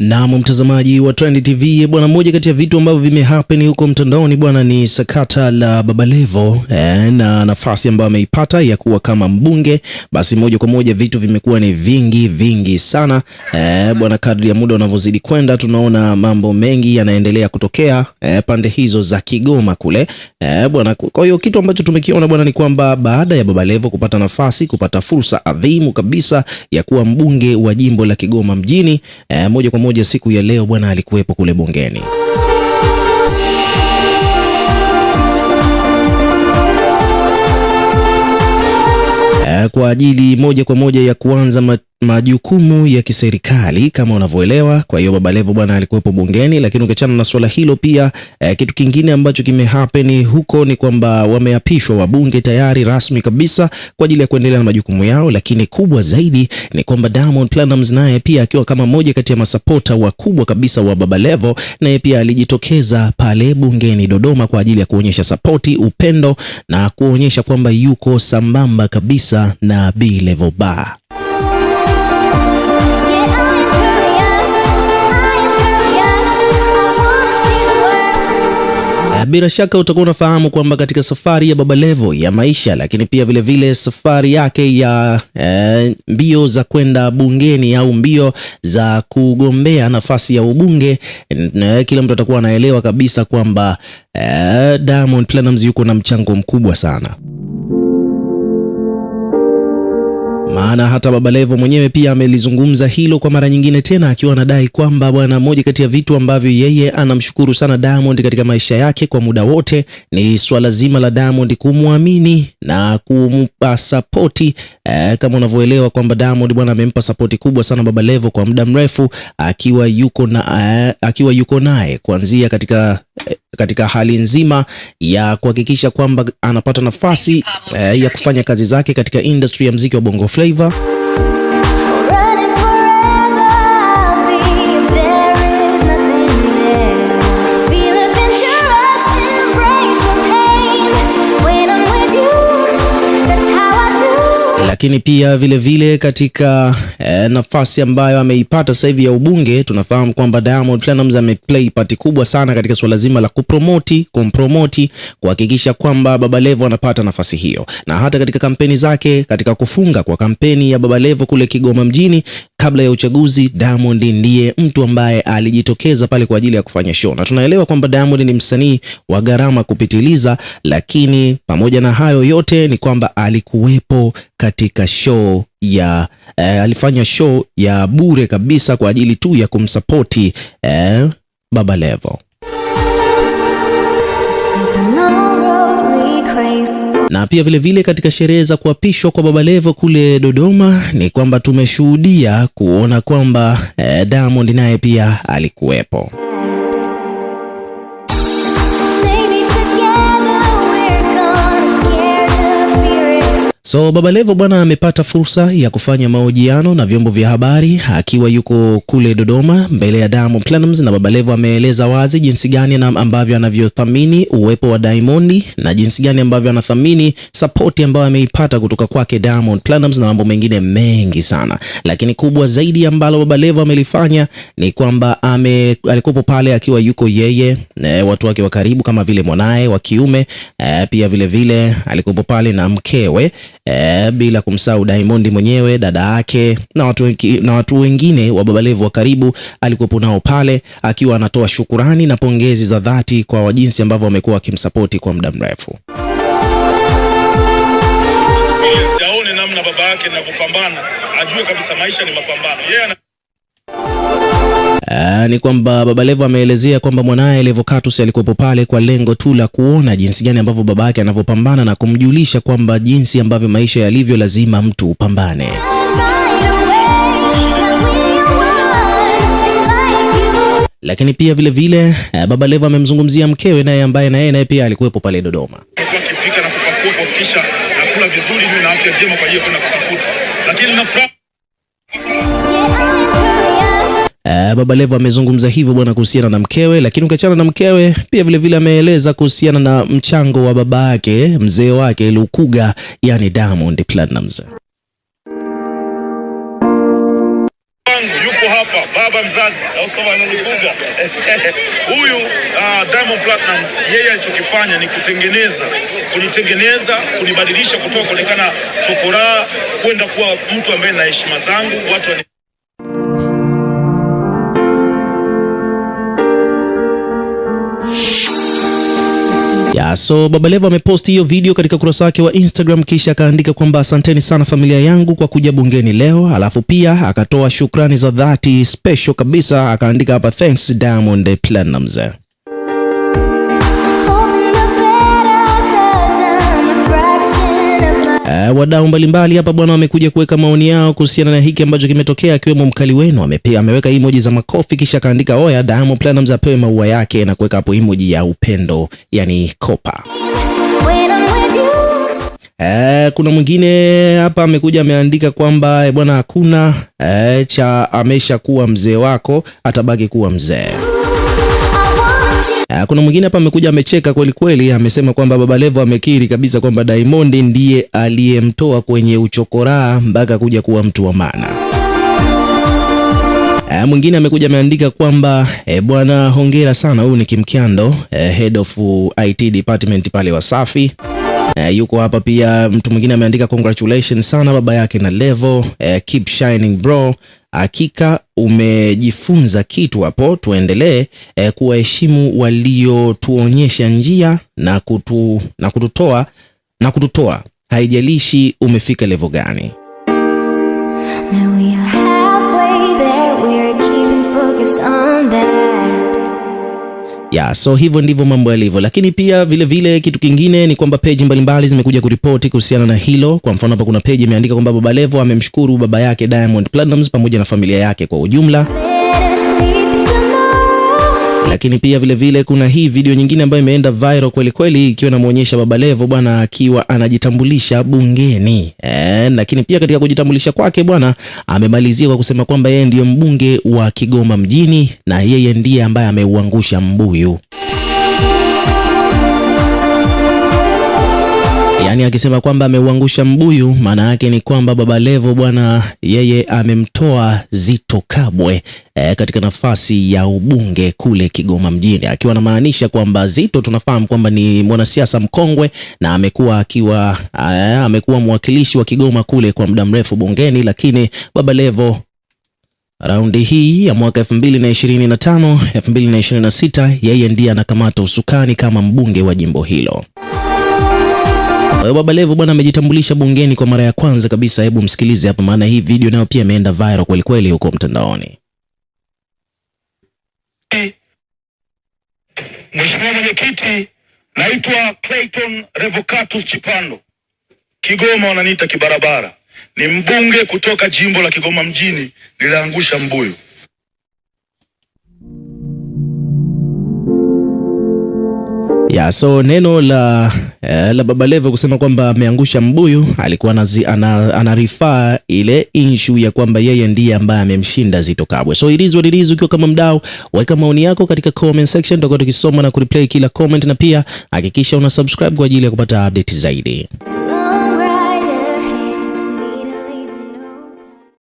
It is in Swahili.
Naam, mtazamaji wa Trend TV bwana, mmoja kati ya vitu ambavyo vimehappen huko mtandaoni bwana ni sakata la Baba Levo e, na nafasi ambayo ameipata ya kuwa kama mbunge. Basi moja kwa moja vitu vimekuwa ni vingi vingi sana e, bwana, kadri ya muda unavyozidi kwenda tunaona mambo mengi yanaendelea kutokea e, pande hizo za Kigoma kule e, bwana. Kwa hiyo kitu ambacho tumekiona bwana ni kwamba baada ya Baba Levo kupata nafasi, kupata fursa adhimu kabisa ya kuwa mbunge wa jimbo la Kigoma mjini e, moja kwa moja moja siku ya leo bwana alikuwepo kule bungeni. Eh, kwa ajili moja kwa moja ya kuanza majukumu ya kiserikali kama unavyoelewa. Kwa hiyo Baba Levo bwana alikuwepo bungeni, lakini ukiachana na suala hilo pia eh, kitu kingine ambacho kimehappen huko ni kwamba wameapishwa wabunge tayari rasmi kabisa kwa ajili ya kuendelea na majukumu yao, lakini kubwa zaidi ni kwamba Diamond Platnumz naye pia akiwa kama moja kati ya masapota wakubwa kabisa wa Baba Levo, naye pia alijitokeza pale bungeni Dodoma kwa ajili ya kuonyesha sapoti, upendo na kuonyesha kwamba yuko sambamba kabisa na B Levo Bar. Bila shaka utakuwa unafahamu kwamba katika safari ya Baba Levo ya maisha, lakini pia vilevile vile safari yake ya e, mbio za kwenda bungeni au mbio za kugombea nafasi ya ubunge, eh, kila mtu atakuwa anaelewa kabisa kwamba e, Diamond Platnumz yuko na mchango mkubwa sana. maana hata baba Levo mwenyewe pia amelizungumza hilo kwa mara nyingine tena, akiwa anadai kwamba bwana, moja kati ya vitu ambavyo yeye anamshukuru sana Diamond katika maisha yake kwa muda wote ni swala zima la Diamond kumwamini na kumpa sapoti E, eh, kama unavyoelewa kwamba Diamond bwana amempa sapoti kubwa sana Levo kwa muda mrefu, akiwa yuko na eh, akiwa yuko naye kuanzia katika katika hali nzima ya kuhakikisha kwamba anapata nafasi eh, ya kufanya kazi zake katika industry ya mziki wa Bongo Flava. lakini pia vilevile vile katika eh, nafasi ambayo ameipata sasa hivi ya ubunge, tunafahamu kwamba Diamond Platnumz ameplay part kubwa sana katika suala zima la kupromoti, kumpromoti, kuhakikisha kwamba Baba Levo anapata nafasi hiyo, na hata katika kampeni zake, katika kufunga kwa kampeni ya Baba Levo kule Kigoma mjini kabla ya uchaguzi, Diamond ndiye mtu ambaye alijitokeza pale kwa ajili ya kufanya show, na tunaelewa kwamba Diamond ni msanii wa gharama kupitiliza, lakini pamoja na hayo yote ni kwamba alikuwepo katika show ya eh, alifanya show ya bure kabisa kwa ajili tu ya kumsapoti eh, Baba Levo. Na pia vilevile vile katika sherehe za kuapishwa kwa baba levo kule Dodoma ni kwamba tumeshuhudia kuona kwamba eh, Diamond naye pia alikuwepo. So Baba Levo bwana amepata fursa ya kufanya mahojiano na vyombo vya habari akiwa yuko kule Dodoma mbele ya Diamond Platnumz, na Baba Levo ameeleza wazi jinsi gani na ambavyo anavyothamini uwepo wa Diamond na jinsi gani ambavyo anathamini support ambayo ameipata kutoka kwake Diamond Platnumz na mambo mengine mengi sana, lakini kubwa zaidi ambalo Baba Levo amelifanya ni kwamba ame alikuwepo pale akiwa yuko yeye e, watu wake wa karibu kama vile mwanaye wa kiume e, pia vile vile alikuwepo pale na mkewe e, bila kumsahau Diamond mwenyewe dada yake na watu, na watu wengine wa Babalevu wa karibu alikuwepo nao pale, akiwa anatoa shukurani na pongezi za dhati kwa jinsi ambavyo wamekuwa wakimsapoti kwa muda mrefu. Aone namna baba yake ajue kabisa maisha ni mapambano yeah, Aa, ah, ni kwamba Baba Levo ameelezea kwamba mwanaye Levo Katus alikuwepo pale kwa lengo tu la kuona jinsi gani ambavyo baba yake anavyopambana na kumjulisha kwamba jinsi ambavyo maisha yalivyo, lazima mtu upambane. Lakini pia vile vile eh, Baba Levo amemzungumzia mkewe naye ambaye naye naye pia alikuwepo pale Dodoma Uh, Baba Levo amezungumza hivyo bwana kuhusiana na mkewe, lakini ukiachana na mkewe pia vilevile ameeleza kuhusiana na mchango wa baba yake mzee wake Lukuga, yani Diamond Platnumz. Yuko hapa baba mzazi Lukuga huyu uh, Diamond Platnumz yeye alichokifanya ni kutengeneza kunitengeneza kunibadilisha kutoka kuonekana chokoraa kwenda kuwa mtu ambaye na heshima zangu watu so baba leva ameposti hiyo video katika ukurasa wake wa Instagram, kisha akaandika kwamba asanteni sana familia yangu kwa kuja bungeni leo, alafu pia akatoa shukrani za dhati special kabisa, akaandika hapa thanks Diamond Platnumz. Uh, wadau mbalimbali hapa bwana wamekuja kuweka maoni yao kuhusiana na hiki ambacho kimetokea, akiwemo mkali wenu amepea, ameweka emoji za makofi kisha akaandika oya, Diamond Platnumz apewe maua yake na kuweka hapo emoji ya upendo, yani kopa. Uh, kuna mwingine hapa amekuja ameandika kwamba eh, bwana hakuna uh, cha amesha kuwa mzee wako atabaki kuwa mzee Ah, kuna mwingine hapa amekuja amecheka kweli kweli, amesema kwamba baba levo amekiri kabisa kwamba Diamond ndiye aliyemtoa kwenye uchokoraa mpaka kuja kuwa mtu wa maana. Ah, mwingine amekuja ameandika kwamba e, bwana hongera sana, huyu ni Kimkyando, eh, head of IT department pale Wasafi. Eh, yuko hapa pia mtu mwingine ameandika congratulations sana baba yake na Levo. Eh, keep shining bro, hakika umejifunza kitu hapo. Tuendelee eh, kuwaheshimu waliotuonyesha njia na, kutu, na kututoa na kututoa, haijalishi umefika levo gani. Now we are ya so hivyo ndivyo mambo yalivyo, lakini pia vile vile kitu kingine ni kwamba peji mbalimbali zimekuja kuripoti kuhusiana na hilo. Kwa mfano, hapa kuna peji imeandika kwamba Baba Levo amemshukuru baba yake Diamond Platnumz pamoja na familia yake kwa ujumla. Lakini pia vilevile vile kuna hii video nyingine ambayo imeenda viral kweli kweli, ikiwa inamuonyesha Baba Levo bwana akiwa anajitambulisha bungeni e, lakini pia katika kujitambulisha kwake bwana amemalizia kwa kusema kwamba yeye ndiye mbunge wa Kigoma mjini na yeye ndiye ambaye ameuangusha mbuyu. yaani akisema kwamba ameuangusha mbuyu, maana yake ni kwamba Baba Levo bwana, yeye amemtoa Zito Kabwe e, katika nafasi ya ubunge kule Kigoma mjini, akiwa anamaanisha kwamba Zito tunafahamu kwamba ni mwanasiasa mkongwe na amekuwa akiwa eh, amekuwa mwakilishi wa Kigoma kule kwa muda mrefu bungeni, lakini Baba Levo raundi hii ya mwaka 2025 2026 yeye ndiye anakamata usukani kama mbunge wa jimbo hilo. Kwa hiyo Baba Levo bwana amejitambulisha bungeni kwa mara ya kwanza kabisa. Hebu msikilize hapa, maana hii video nayo pia imeenda viral kweli kweli huko mtandaoni. Eh, Mheshimiwa Mwenyekiti, naitwa Clayton Revocatus Chipando, Kigoma wananiita kibarabara. Ni mbunge kutoka jimbo la Kigoma mjini, niliangusha mbuyu ya so neno la Eh, la Baba Levo kusema kwamba ameangusha mbuyu, alikuwa anarifaa ana ile issue ya kwamba yeye ndiye ambaye amemshinda Zito Kabwe. So it is what it is. Ukiwa kama mdau, weka maoni yako katika comment section, tutakuwa tukisoma na kureplay kila comment, na pia hakikisha una subscribe kwa ajili ya kupata update zaidi.